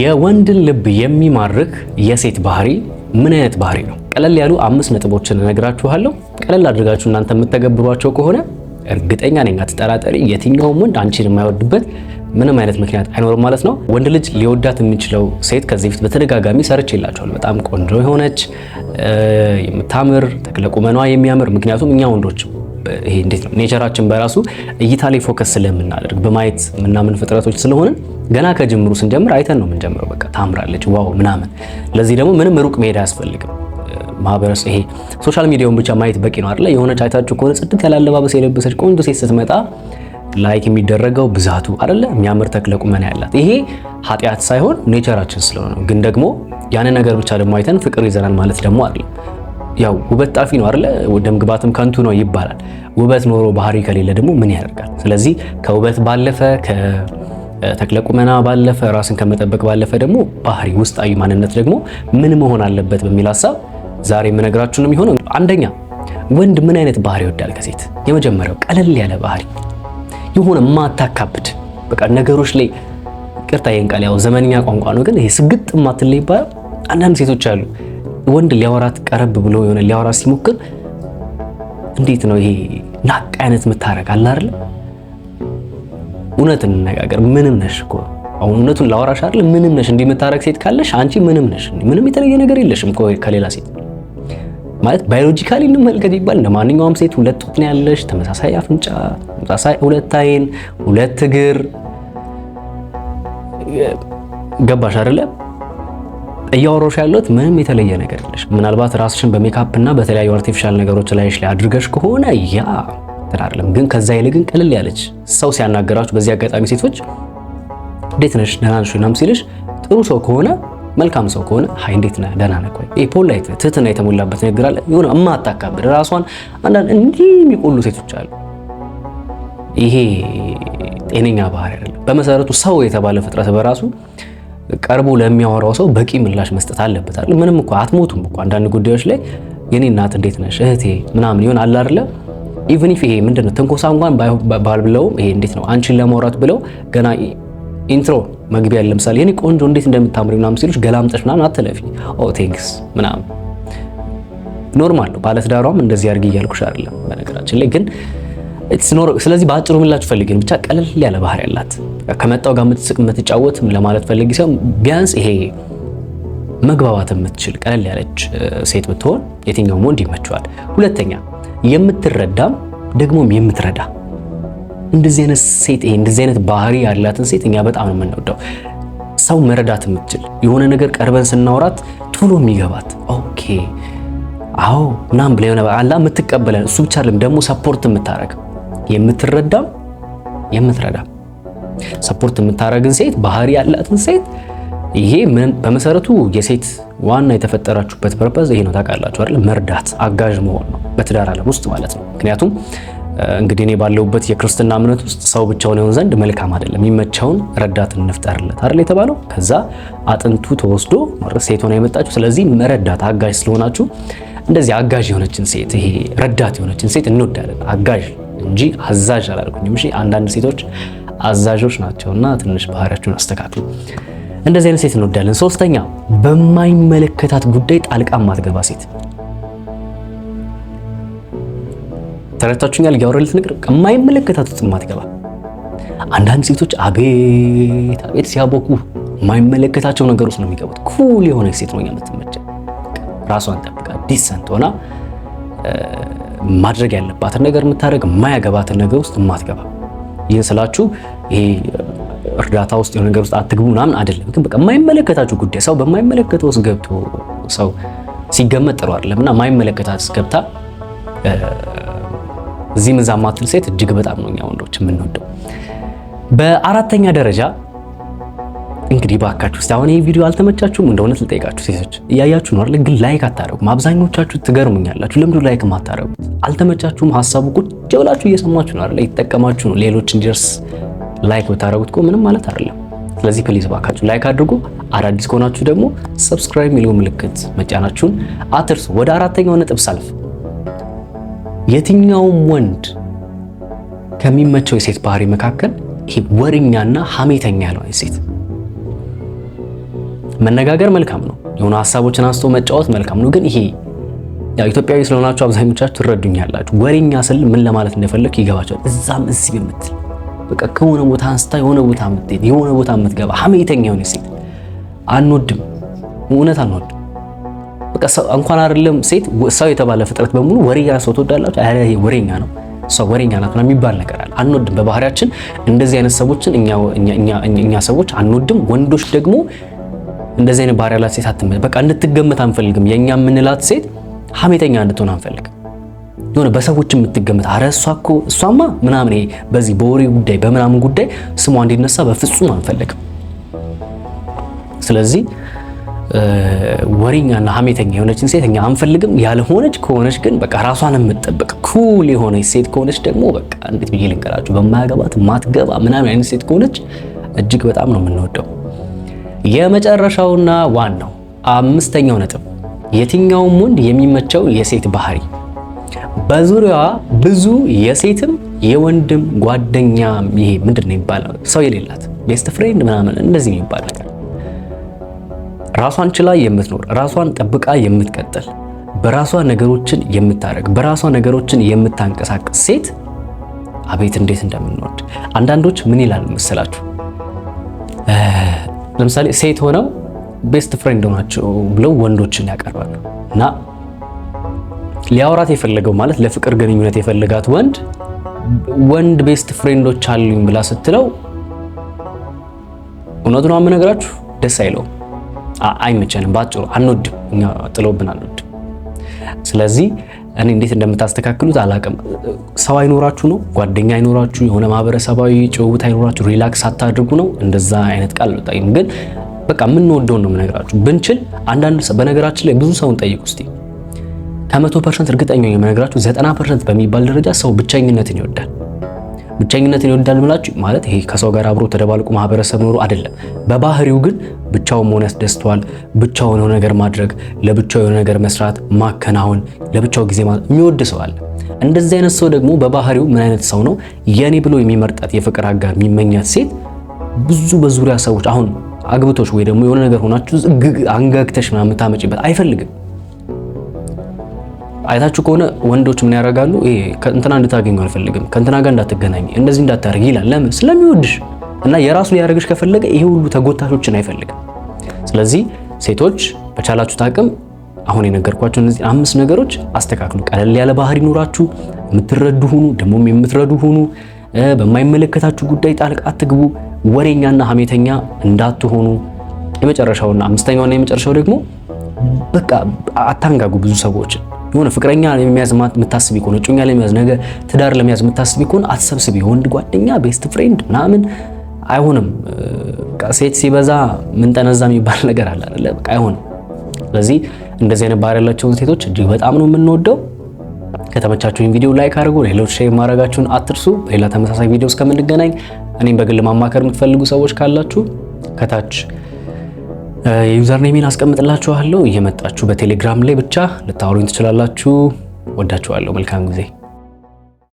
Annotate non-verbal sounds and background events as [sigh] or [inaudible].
የወንድን ልብ የሚማርክ የሴት ባህሪ ምን አይነት ባህሪ ነው? ቀለል ያሉ አምስት ነጥቦችን እነግራችኋለሁ። ቀለል አድርጋችሁ እናንተ የምተገብሯቸው ከሆነ እርግጠኛ ነኝ አትጠራጠሪ፣ የትኛውም ወንድ አንቺን የማይወድበት ምንም አይነት ምክንያት አይኖርም ማለት ነው። ወንድ ልጅ ሊወዳት የሚችለው ሴት ከዚህ በፊት በተደጋጋሚ ሰርች ይላቸዋል። በጣም ቆንጆ የሆነች የምታምር ተክለቁመኗ የሚያምር ምክንያቱም እኛ ወንዶች ይሄ እንዴት ነው ኔቸራችን በራሱ እይታ ላይ ፎከስ ስለምናደርግ በማየት ምናምን ፍጥረቶች ስለሆንን ገና ከጅምሩ ስንጀምር አይተን ነው የምንጀምረው። በቃ ታምራለች፣ ዋው ምናምን። ለዚህ ደግሞ ምንም ሩቅ መሄድ አያስፈልግም። ማህበረሰብ ይሄ ሶሻል ሚዲያውን ብቻ ማየት በቂ ነው አይደለ? የሆነች አይታችሁ ከሆነ ጽድት ያለ አለባበስ የለበሰች ቆንጆ ሴት ስትመጣ ላይክ የሚደረገው ብዛቱ አይደለ? የሚያምር ተክለ ቁመና ያላት ይሄ ኃጢአት ሳይሆን ኔቸራችን ስለሆነ ነው። ግን ደግሞ ያንን ነገር ብቻ ደግሞ አይተን ፍቅር ይዘናል ማለት ደግሞ አይደለም። ያው ውበት ጣፊ ነው አይደለ? ደም ግባትም ከንቱ ነው ይባላል። ውበት ኖሮ ባህሪ ከሌለ ደግሞ ምን ያደርጋል? ስለዚህ ከውበት ባለፈ ከተክለ ቁመና ባለፈ ራስን ከመጠበቅ ባለፈ ደግሞ ባህሪ፣ ውስጣዊ ማንነት ደግሞ ምን መሆን አለበት በሚል ሀሳብ ዛሬ የምነግራችሁ ነው የሚሆነው። አንደኛ ወንድ ምን አይነት ባህሪ ይወዳል ከሴት? የመጀመሪያው ቀለል ያለ ባህሪ፣ የሆነ ማታካብድ በቃ ነገሮች ላይ ቅርታ፣ ይህን ቃል ያው ዘመንኛ ቋንቋ ነው ግን ይሄ ስግጥ ማትል ይባላል። አንዳንድ ሴቶች አሉ ወንድ ሊያወራት ቀረብ ብሎ የሆነ ሊያወራት ሲሞክር እንዴት ነው ይሄ ናቅ አይነት የምታረግ አለ አይደል? እውነት እንነጋገር። ምንም ነሽ እኮ አሁን እውነቱን ላወራሽ አይደል? ምንም ነሽ። እንዲህ የምታረግ ሴት ካለሽ አንቺ ምንም ነሽ። ምንም የተለየ ነገር የለሽም ከሌላ ሴት ማለት ባዮሎጂካሊ እንመልከት ይባል እንደ ማንኛውም ሴት ሁለት ጡት ነው ያለሽ፣ ተመሳሳይ አፍንጫ፣ ተመሳሳይ ሁለት አይን፣ ሁለት እግር። ገባሽ አይደለም? እያወሮሽ ያለሁት ምንም የተለየ ነገር የለሽ። ምናልባት ራስሽን በሜካፕ እና በተለያዩ አርቲፊሻል ነገሮች ላይሽ ላይ አድርገሽ ከሆነ ያ እንትን አይደለም፣ ግን ከዛ ይልቅ ግን ቀለል ያለች ሰው ሲያናገራችሁ፣ በዚህ አጋጣሚ ሴቶች እንዴት ነሽ ደህና ነሽ ምናምን ሲልሽ ጥሩ ሰው ከሆነ መልካም ሰው ከሆነ ሀይ እንዴት ነህ ደህና ነህ ወይ ይሄ ፖላይት ትህትና የተሞላበት ንግግር አለ። የሆነ እማታካብድ ራሷን አንዳንድ እንዲህ የሚቆሉ ሴቶች አሉ። ይሄ ጤነኛ ባህሪ አይደለም። በመሰረቱ ሰው የተባለ ፍጥረት በራሱ ቀርቦ ለሚያወራው ሰው በቂ ምላሽ መስጠት አለበት አይደል? ምንም እኮ አትሞቱም እኮ አንዳንድ ጉዳዮች ላይ የኔ እናት እንዴት ነሽ እህቴ ምናምን ይሆን አለ አይደለ? ኢቭን ኢፍ ይሄ ምንድነው ነው ትንኮሳ እንኳን ባል ይሄ እንዴት ነው አንቺን ለማውራት ብለው ገና ኢንትሮ መግቢያ ለምሳሌ የኔ ቆንጆ እንዴት እንደምታምሪ ምናምን ሲሉሽ ገላምጠሽ ምናምን አትለፊ። ኦ oh, ቴንክስ ምናምን ኖርማል ነው። ባለትዳሯም እንደዚህ አድርጊ እያልኩሽ አይደለም በነገራችን ላይ ግን ስለዚህ በአጭሩ ምላችሁ ፈልግን ብቻ ቀለል ያለ ባህሪ ያላት ከመጣው ጋር የምትስቅ የምትጫወት ለማለት ፈልጊ ሲሆን ቢያንስ ይሄ መግባባት የምትችል ቀለል ያለች ሴት ብትሆን የትኛውም ወንድ ይመቸዋል። ሁለተኛ የምትረዳም ደግሞም የምትረዳ እንደዚህ አይነት ሴት ይሄ እንደዚህ አይነት ባህሪ ያላትን ሴት እኛ በጣም ነው የምንወደው። ሰው መረዳት የምትችል የሆነ ነገር ቀርበን ስናወራት ቶሎ የሚገባት ኦኬ አዎ ምናምን ብለ የሆነ አላ የምትቀበለን እሱ ብቻ አይደለም ደግሞ ሰፖርት የምታደርግ የምትረዳም የምትረዳም ሰፖርት የምታደርግን ሴት ባህሪ ያላትን ሴት ይሄ በመሰረቱ የሴት ዋና የተፈጠራችሁበት ፐርፐዝ ይሄ ነው። ታውቃላችሁ አይደል? መርዳት፣ አጋዥ መሆን ነው በትዳር ዓለም ውስጥ ማለት ነው። ምክንያቱም እንግዲህ እኔ ባለሁበት የክርስትና እምነት ውስጥ ሰው ብቻውን ይሆን ዘንድ መልካም አይደለም፣ የሚመቸውን ረዳት እንፍጠርለት አይደል የተባለው። ከዛ አጥንቱ ተወስዶ ሴት ሆና የመጣችሁ። ስለዚህ መረዳት አጋዥ ስለሆናችሁ እንደዚህ አጋዥ የሆነችን ሴት ይሄ ረዳት የሆነችን ሴት እንወዳለን። አጋዥ እንጂ አዛዥ አላልኩኝም። እሺ አንዳንድ ሴቶች አዛዦች ናቸውና ትንሽ ባህሪያችሁን አስተካክሉ። እንደዚህ አይነት ሴት እንወዳለን። ሶስተኛ በማይመለከታት ጉዳይ ጣልቃ ማትገባ ሴት። ተረታችሁኛል? ያወረልት ነገር ከማይመለከታት ውስጥ ማትገባ አንዳንድ ሴቶች አቤት አቤት ሲያቦኩ የማይመለከታቸው ነገር ውስጥ ነው የሚገቡት። ኩል የሆነ ሴት ነው የምትመቸ ራሷን ጠብቃ ዲሰንት ሆና ማድረግ ያለባትን ነገር የምታደርግ፣ የማያገባትን ነገር ውስጥ የማትገባ። ይህን ስላችሁ ይሄ እርዳታ ውስጥ የሆነ ነገር ውስጥ አትግቡ ምናምን አይደለም። ግን በቃ የማይመለከታችሁ ጉዳይ ሰው በማይመለከተው ውስጥ ገብቶ ሰው ሲገመጥ ጥሩ አይደለም እና የማይመለከታት ገብታ እዚህም እዛ ማትል ሴት እጅግ በጣም ነው እኛ ወንዶች የምንወደው። በአራተኛ ደረጃ እንግዲህ ባካችሁ እስቲ አሁን ይሄ ቪዲዮ አልተመቻችሁም እንደ እውነት ልጠይቃችሁ። ሴቶች እያያችሁ ነው አይደል? ግን ላይክ አታደርጉም። አብዛኞቻችሁ ትገርሙኛላችሁ። ለምንድን ላይክ የማታደርጉት? አልተመቻችሁም? ሀሳቡ ቁጭ ብላችሁ እየሰማችሁ ነው አይደል? እየተጠቀማችሁ ነው። ሌሎች እንዲደርስ ላይክ ብታደርጉት እኮ ምንም ማለት አይደለም። ስለዚህ ፕሊዝ ባካችሁ ላይክ አድርጉ። አዳዲስ ከሆናችሁ ደግሞ ሰብስክራይብ የሚለው ምልክት መጫናችሁን አትርሱ። ወደ አራተኛው ነጥብ ሳልፍ የትኛውም ወንድ ከሚመቸው የሴት ባህሪ መካከል ይሄ ወርኛና ሀሜተኛ ያለው ሴት መነጋገር መልካም ነው። የሆኑ ሀሳቦችን አንስቶ መጫወት መልካም ነው። ግን ይሄ ያው ኢትዮጵያዊ ስለሆናችሁ አብዛኞቻችሁ ትረዱኛላችሁ። ወሬኛ ስል ምን ለማለት እንደፈለግ ይገባቸዋል። እዛም እዚህ የምትል በቃ ከሆነ ቦታ አንስታ የሆነ ቦታ የምትሄድ የሆነ ቦታ የምትገባ ሀሜተኛ የሆነ ሴት አንወድም፣ እውነት አንወድም። በቃ ሰው እንኳን አይደለም ሴት ሰው የተባለ ፍጥረት በሙሉ ወሬኛ ሰው ትወዳላችሁ። ያ ወሬኛ ነው ሰው ወሬኛ ናት ምናምን የሚባል ነገር አለ። አንወድም። በባህሪያችን እንደዚህ አይነት ሰዎችን እኛ ሰዎች አንወድም። ወንዶች ደግሞ እንደዚህ አይነት ባህሪ ያላት ሴት አትመ በቃ እንድትገመት አንፈልግም። የእኛ የምንላት ሴት ሀሜተኛ እንድትሆን አንፈልግ። የሆነ በሰዎች የምትገመት አረ እሷ እኮ እሷማ ምናምን፣ በዚህ በወሬ ጉዳይ በምናምን ጉዳይ ስሟ እንዲነሳ በፍጹም አንፈልግም። ስለዚህ ወሬኛና ሀሜተኛ የሆነችን ሴት እኛ አንፈልግም። ያልሆነች ከሆነች ግን በቃ ራሷን የምትጠብቅ ኩል የሆነች ሴት ከሆነች ደግሞ በቃ እንዴት ብዬ ልንገራችሁ፣ በማያገባት ማትገባ ምናምን አይነት ሴት ከሆነች እጅግ በጣም ነው የምንወደው። የመጨረሻውና ዋናው አምስተኛው ነጥብ የትኛውም ወንድ የሚመቸው የሴት ባህሪ በዙሪያዋ ብዙ የሴትም የወንድም ጓደኛ ይሄ ምንድን ነው ይባላል፣ ሰው የሌላት ቤስት ፍሬንድ ምናምን እንደዚህ የሚባል ነገር ራሷን ችላ የምትኖር ራሷን ጠብቃ የምትቀጥል በራሷ ነገሮችን የምታደርግ በራሷ ነገሮችን የምታንቀሳቅስ ሴት አቤት እንዴት እንደምንወድ። አንዳንዶች ምን ይላል መሰላችሁ? ለምሳሌ ሴት ሆነው ቤስት ፍሬንድ ናቸው ብለው ወንዶችን ያቀርባሉ እና ሊያወራት የፈለገው ማለት ለፍቅር ግንኙነት የፈለጋት ወንድ ወንድ ቤስት ፍሬንዶች አሉኝ ብላ ስትለው ነው የምነግራችሁ ደስ አይለውም፣ አይመቸንም። በአጭሩ አንወድም፣ እኛ ጥሎብን አንወድም። ስለዚህ እኔ እንዴት እንደምታስተካክሉት አላቅም። ሰው አይኖራችሁ ነው፣ ጓደኛ አይኖራችሁ፣ የሆነ ማህበረሰባዊ ጭውውት አይኖራችሁ፣ ሪላክስ አታድርጉ ነው። እንደዛ አይነት ቃል ልጠይም፣ ግን በቃ የምንወደውን ነው የምነግራችሁ። ብንችል አንዳንድ በነገራችን ላይ ብዙ ሰውን ጠይቁ እስቲ። ከመቶ ፐርሰንት እርግጠኛ የምነግራችሁ ዘጠና ፐርሰንት በሚባል ደረጃ ሰው ብቸኝነትን ይወዳል። ብቸኝነትን ይወዳል ብላችሁ ማለት ይሄ ከሰው ጋር አብሮ ተደባልቆ ማህበረሰብ ኖሮ አይደለም። በባህሪው ግን ብቻውን መሆን ያስደስተዋል። ብቻውን የሆነ ነገር ማድረግ፣ ለብቻው የሆነ ነገር መስራት፣ ማከናወን፣ ለብቻው ጊዜ ማለት የሚወድ ሰው አለ። እንደዚህ አይነት ሰው ደግሞ በባህሪው ምን አይነት ሰው ነው? የኔ ብሎ የሚመርጣት የፍቅር አጋር የሚመኛት ሴት ብዙ በዙሪያ ሰዎች አሁን አግብቶች ወይ ደግሞ የሆነ ነገር ሆናችሁ አንጋግተሽ ምናምን ታመጪበት አይፈልግም። አይታችሁ ከሆነ ወንዶች ምን ያደርጋሉ? ይሄ ከእንትና እንድታገኙ አልፈልግም፣ ከእንትና ጋር እንዳትገናኝ፣ እንደዚህ እንዳታደርጊ ይላል። ለምን? ስለሚወድሽ እና የራሱ ሊያደርግሽ ከፈለገ ይሄ ሁሉ ተጎታቾችን አይፈልግም። ስለዚህ ሴቶች በቻላችሁት አቅም አሁን የነገርኳችሁ እነዚህ አምስት ነገሮች አስተካክሉ። ቀለል ያለ ባህሪ ይኖራችሁ፣ የምትረዱ ሁኑ፣ ደግሞም የምትረዱ ሁኑ። በማይመለከታችሁ ጉዳይ ጣልቃ አትግቡ፣ ወሬኛና ሀሜተኛ እንዳትሆኑ። የመጨረሻውና አምስተኛውና የመጨረሻው ደግሞ በቃ አታንጋጉ ብዙ ሰዎችን የሆነ ፍቅረኛ ለሚያዝ የምታስቢ ከሆነ እጮኛ ለሚያዝ ነገ ትዳር ለሚያዝ የምታስቢ ከሆነ አትሰብስቢ። ወንድ ጓደኛ፣ ቤስት ፍሬንድ ምናምን አይሆንም። ሴት ሲበዛ ምን ምንጠነዛ የሚባል [laughs] ነገር አለ አይደለ? በቃ አይሆንም። ስለዚህ እንደዚህ አይነት ባህሪ ያላቸውን ሴቶች እጅግ በጣም ነው የምንወደው። ከተመቻችሁኝ ቪዲዮ ላይክ አድርጉ፣ ሌሎች ሼር ማድረጋችሁን አትርሱ። በሌላ ተመሳሳይ ቪዲዮ እስከምንገናኝ እኔም በግል ማማከር የምትፈልጉ ሰዎች ካላችሁ ከታች የዩዘር ኔሜን አስቀምጥላችኋለሁ። እየመጣችሁ በቴሌግራም ላይ ብቻ ልታወሩኝ ትችላላችሁ። ወዳችኋለሁ። መልካም ጊዜ